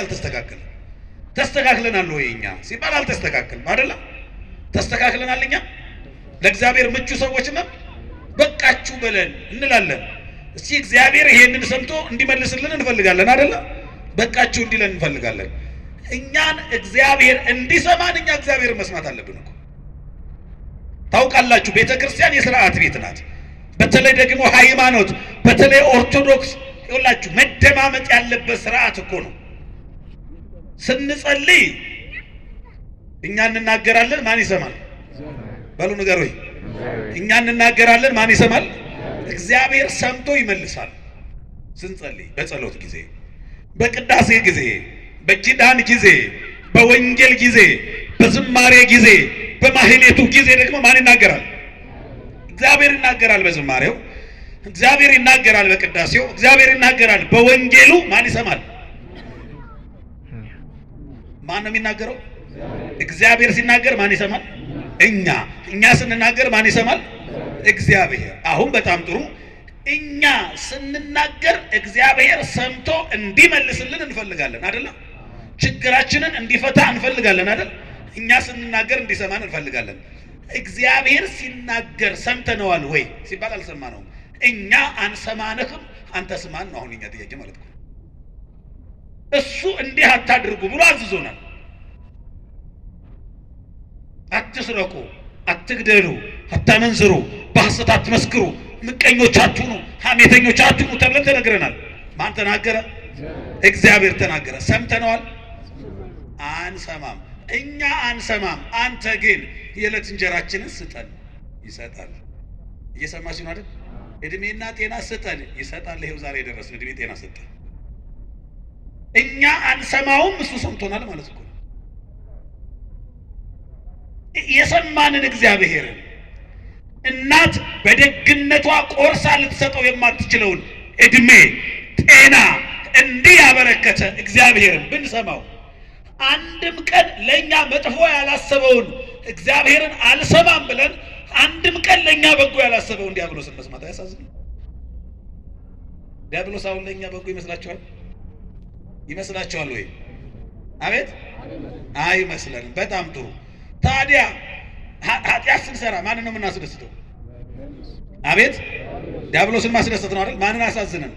አልተስተካከለም። ተስተካክለናል ወይ እኛ ሲባል አልተስተካከልም አይደለም። ተስተካክለናል እኛ ለእግዚአብሔር ምቹ ሰዎች ነን። በቃችሁ በለን እንላለን። እስቲ እግዚአብሔር ይሄንን ሰምቶ እንዲመልስልን እንፈልጋለን አይደለም። በቃችሁ እንዲለን እንፈልጋለን። እኛን እግዚአብሔር እንዲሰማን እኛ እግዚአብሔር መስማት አለብን እኮ ታውቃላችሁ። ቤተ ክርስቲያን የስርዓት ቤት ናት። በተለይ ደግሞ ሃይማኖት፣ በተለይ ኦርቶዶክስ ይኸውላችሁ መደማመጥ ያለበት ስርዓት እኮ ነው። ስንጸልይ እኛ እንናገራለን፣ ማን ይሰማል? በሉ ንገሩ። እኛ እንናገራለን፣ ማን ይሰማል? እግዚአብሔር ሰምቶ ይመልሳል። ስንጸልይ በጸሎት ጊዜ፣ በቅዳሴ ጊዜ፣ በኪዳን ጊዜ፣ በወንጌል ጊዜ፣ በዝማሬ ጊዜ፣ በማህሌቱ ጊዜ ደግሞ ማን ይናገራል? እግዚአብሔር ይናገራል። በዝማሬው እግዚአብሔር ይናገራል። በቅዳሴው እግዚአብሔር ይናገራል። በወንጌሉ ማን ይሰማል? ማን ነው የሚናገረው? እግዚአብሔር ሲናገር ማን ይሰማል? እኛ እኛ ስንናገር ማን ይሰማል? እግዚአብሔር። አሁን በጣም ጥሩ። እኛ ስንናገር እግዚአብሔር ሰምቶ እንዲመልስልን እንፈልጋለን አይደለም? ችግራችንን እንዲፈታ እንፈልጋለን አይደል? እኛ ስንናገር እንዲሰማን እንፈልጋለን። እግዚአብሔር ሲናገር ሰምተነዋል ወይ ሲባል አልሰማነውም። እኛ አንሰማንህም አንተ ስማን ነው አሁን እኛ ጥያቄ ማለት ነው። እሱ እንዲህ አታድርጉ ብሎ አዝዞናል። አትስረቁ፣ አትግደሉ፣ አታመንዝሩ፣ በሐሰት አትመስክሩ፣ ምቀኞች አትሁኑ፣ ሐሜተኞች አትሁኑ ተብለን ተነግረናል። ማን ተናገረ? እግዚአብሔር ተናገረ። ሰምተነዋል? አንሰማም። እኛ አንሰማም። አንተ ግን የዕለት እንጀራችንን ስጠን። ይሰጣል። እየሰማችሁ ነው አይደል? እድሜና ጤና ስጠን። ይሰጣል። ይሄው ዛሬ የደረስን እድሜ ጤና ስጠን። እኛ አንሰማውም፣ እሱ ሰምቶናል ማለት ነው። የሰማንን እግዚአብሔርን እናት በደግነቷ ቆርሳ ልትሰጠው የማትችለውን እድሜ፣ ጤና እንዲህ ያበረከተ እግዚአብሔርን ብንሰማው አንድም ቀን ለእኛ መጥፎ ያላሰበውን እግዚአብሔርን አልሰማም ብለን አንድም ቀን ለእኛ በጎ ያላሰበውን ዲያብሎስን መስማት አያሳዝንም? ዲያብሎስ አሁን ለእኛ በጎ ይመስላችኋል? ይመስላችኋል ወይ? አቤት አይመስለን። በጣም ጥሩ። ታዲያ ኃጢአት ስንሰራ ማንን ነው የምናስደስተው? አቤት ዲያብሎስን ማስደሰት ነው አይደል? ማንን አሳዝነን